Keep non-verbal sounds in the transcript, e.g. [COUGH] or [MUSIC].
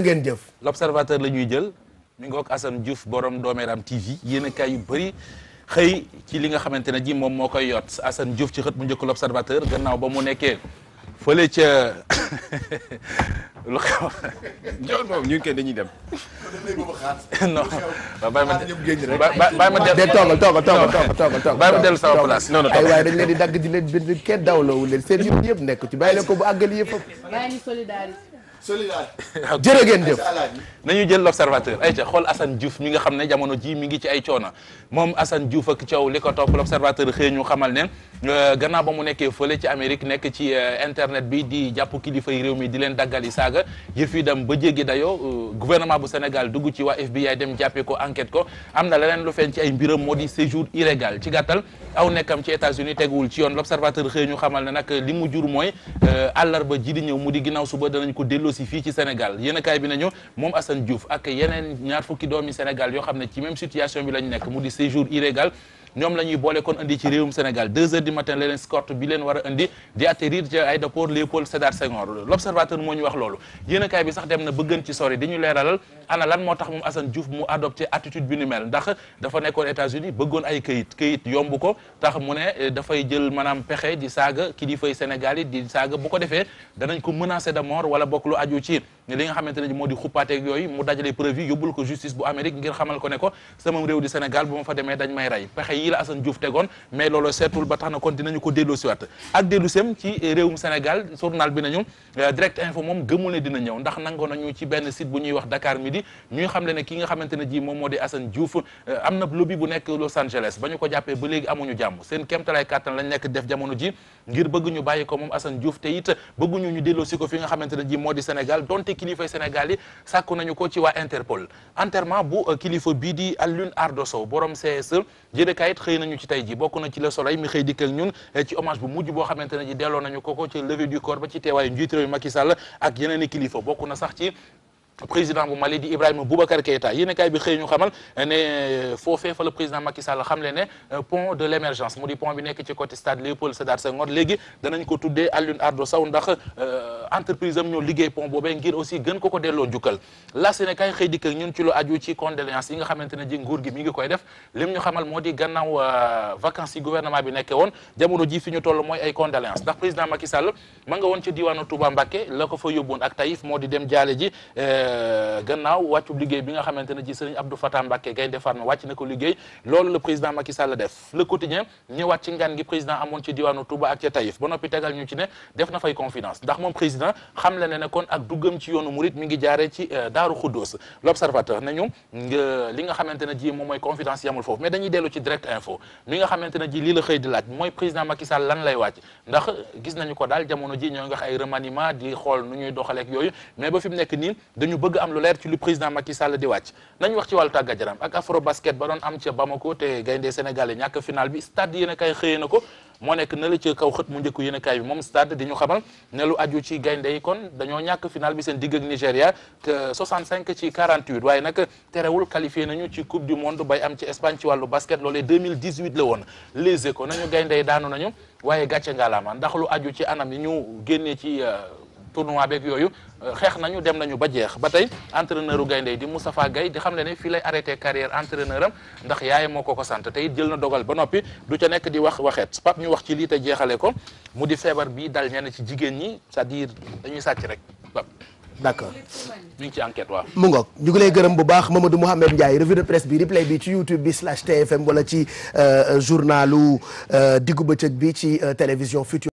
ngeen jëf l'observateur la ñuy jël mi ngi ak Assane Diouf borom Dooméram TV yéen a kaay yu bëri xëy ci li nga xamante ne jii moom moo koy yot Assane Diouf ci xët mu njëkk l'observateur gannaaw ba mu nekkee fële ca [LAUGHS] lu xew ñoom moom ñun kenn dañuy dem. [LAUGHS] non bàyyi ma bàyyi ma dellu. toogal toogal toogal toogal toogal. bàyyi ma dellu sama place. non non ay waay dañ leen di dagg di leen bind kenn dawloowu leen seen yëpp yëpp nekk ci bàyyi leen ko bu àggali yëpp. bàyyi [LAUGHS] jërë ngeen jëf nañu jël l'observateur ay ca xool assan Diouf mi nga xam ne jamono jii mi ngi ci ay coona moom Assane Diouf ak coow li ko topp l'observateur xëy ñu xamal ne euh, gannaaw ba mu nekkee fële ci Amérique nekk ci euh, internet bi di jàpp kilifa yi réew mi di leen daggal yi saaga yëf yi dem ba jéggi dayoo euh, gouvernement bu Sénégal dugg ci waa FBI dem jàppee ko enquête ko am na leneen lu feeñ ci ay mbiram moo di séjour illégal ci gàttal aw nekkam ci États-Unis teguwul ci yoon l'observateur xëy ñu xamal ne nag li mu jur mooy àllarba ji di ñëw mu di ginnaaw suba danañ ko dellu aussi fii ci Sénégal yéenekaay bi nañu moom Assane Diouf ak yeneen ñaar fukki doomi Sénégal yoo xam ne ci même situation bi lañ nekk mu di séjour illégal ñoom la ñuy boole kon indi ci réewum Sénégal 2 heures du matin la leen bi leen war a indi di atterrir ci aéroport Léopold Sédar Senghor l'observateur moo ñu wax loolu yéenekaay bi sax dem na bëggan ci sori di ñu leeralal ana lan moo tax moom Assane Diouf mu adopté attitude bi nu mel ndax dafa nekkoon États-Unis bëggoon ay këyit këyit yomb ko tax mu ne eh, dafay jël maanaam pexe di saaga kilifay Sénégal yi di saaga bu ko defee danañ ko menacer de mort wala bokk lu aju ne li nga xamante ne moo di xuppaateeg yooyu mu ne ko sama réew di Sénégal bu ma fa demee dañ may na kon dinañu ko dellu siwaat ak dellu sem ci réewum Sénégal journal euh, nañu ci benn site bu ñuy wax Dakar Midi ñuy xamle ne ki nga xamante ne ji moom moo di Assane Diouf euh, am na lobby bu nekk Los Angeles ba ñu ko jàppee ba léegi amuñu jàmm seen kéemtalaay kàttan lañ nekk def jamono ji ngir bëgg ñu bàyyi ko moom Assane Diouf te it bëgguñu ñu delloo si ko fi nga xamante ne ji moo di Sénégal donte kilifay Sénégal yi sàkku nañu ko ci waa Interpol enterrement bu euh, kilifa bii di Alioune Ardo Sow borom CSE jëdëkaayit xëy nañu ci tey ji bokk na ci la Soleil mi xëy dikkal ñun euh, ci hommage bu mujj boo xamante ne ji delloo nañu ko ko ci levée du corps ba ci teewaayu njiit réew Macky Sall ak yeneen i kilifa bokk na sax ci président bu Mali di Ibrahima Boubacar Keïta yéen kaay bi xëy ñu xamal ne euh, foofee fa la président Macky ne euh, pont de l' émergence mu di pont euh, liggéey pont boobee ngir aussi gën ko ko delloo njukkal la yéen kaay xëy dikk yi nga xamante ne ji nguur gi mi ngi koy def lim moo di gannaaw vacances yi bi nekkee woon jamono ji fi ñu toll mooy ay condoléance ndax président Macky Sall ma nga woon ci diwaanu Touba Mbacké la ko fa yóbboon ak Taïf moo di dem jaale ji Euh, gannaaw wàccub liggéey bi nga xamante ne ci sëriñ Abdou Fatah Mbacké Gaïndé Fatma wàcc na ko liggéey loolu le président Macky Sall def le quotidien ñëwaat ci ngaan gi président amoon ci diwaanu Touba ak ca Taïf ba noppi tegal ñu ci ne def na fay confidence ndax moom président xam le ne ak duggam ci yoonu murit mi ngi jaaree ci euh, Daaru Xuddoos l'observateur ne li nga xamante ji moom mooy confidence yamul foofu mais dañuy dellu ci direct info mi bëgg am lu leer ci lu président Macky Sall di wàcc nañ wax ci wàllu tàggat yaram ak afro basket ba doon am ca Bamako te gaynde Sénégal yi ñàkk final bi stade yéen a kaay xëyee na ko moo nekk na la ci kaw xët mu njëkku yéen bi moom stade di ñu xamal ne lu aju ci gaynde yi kon dañoo ñàkk final bi seen digg ak Nigéria te 65 ci 48 waaye nag terewul qualifié nañu ci coupe du monde bay am ci Espagne ci wàllu basket loolee 2018 la woon Les Échos nañu gaynde yi daanu nañu waaye gàcce ngaalaama ndax lu tournoi beeg yooyu euh, xeex nañu dem nañu ba jeex ba tey entraîneur u gaynde di Moustapha gay di xam ne ne fii lay arrêté carrière entraîneur am ndax yaay moo ko ko sant tey jël na dogal ba noppi du ca nekk di wax waxeet pap ñu wax ci lii te jeexale ko mu di feebar bi dal ñenn ci jigéen ñi cest à dañuy sàcc rek pap d'accord ñu ngi ci enquête waaw mu ngoog ñu ngi lay gërëm bu baax Mamadou Mouhamed Ndiaye revue de presse bi replay bi ci youtube bi slash tfm wala ci euh, journalu euh, diggu bëccëg bi ci télévision future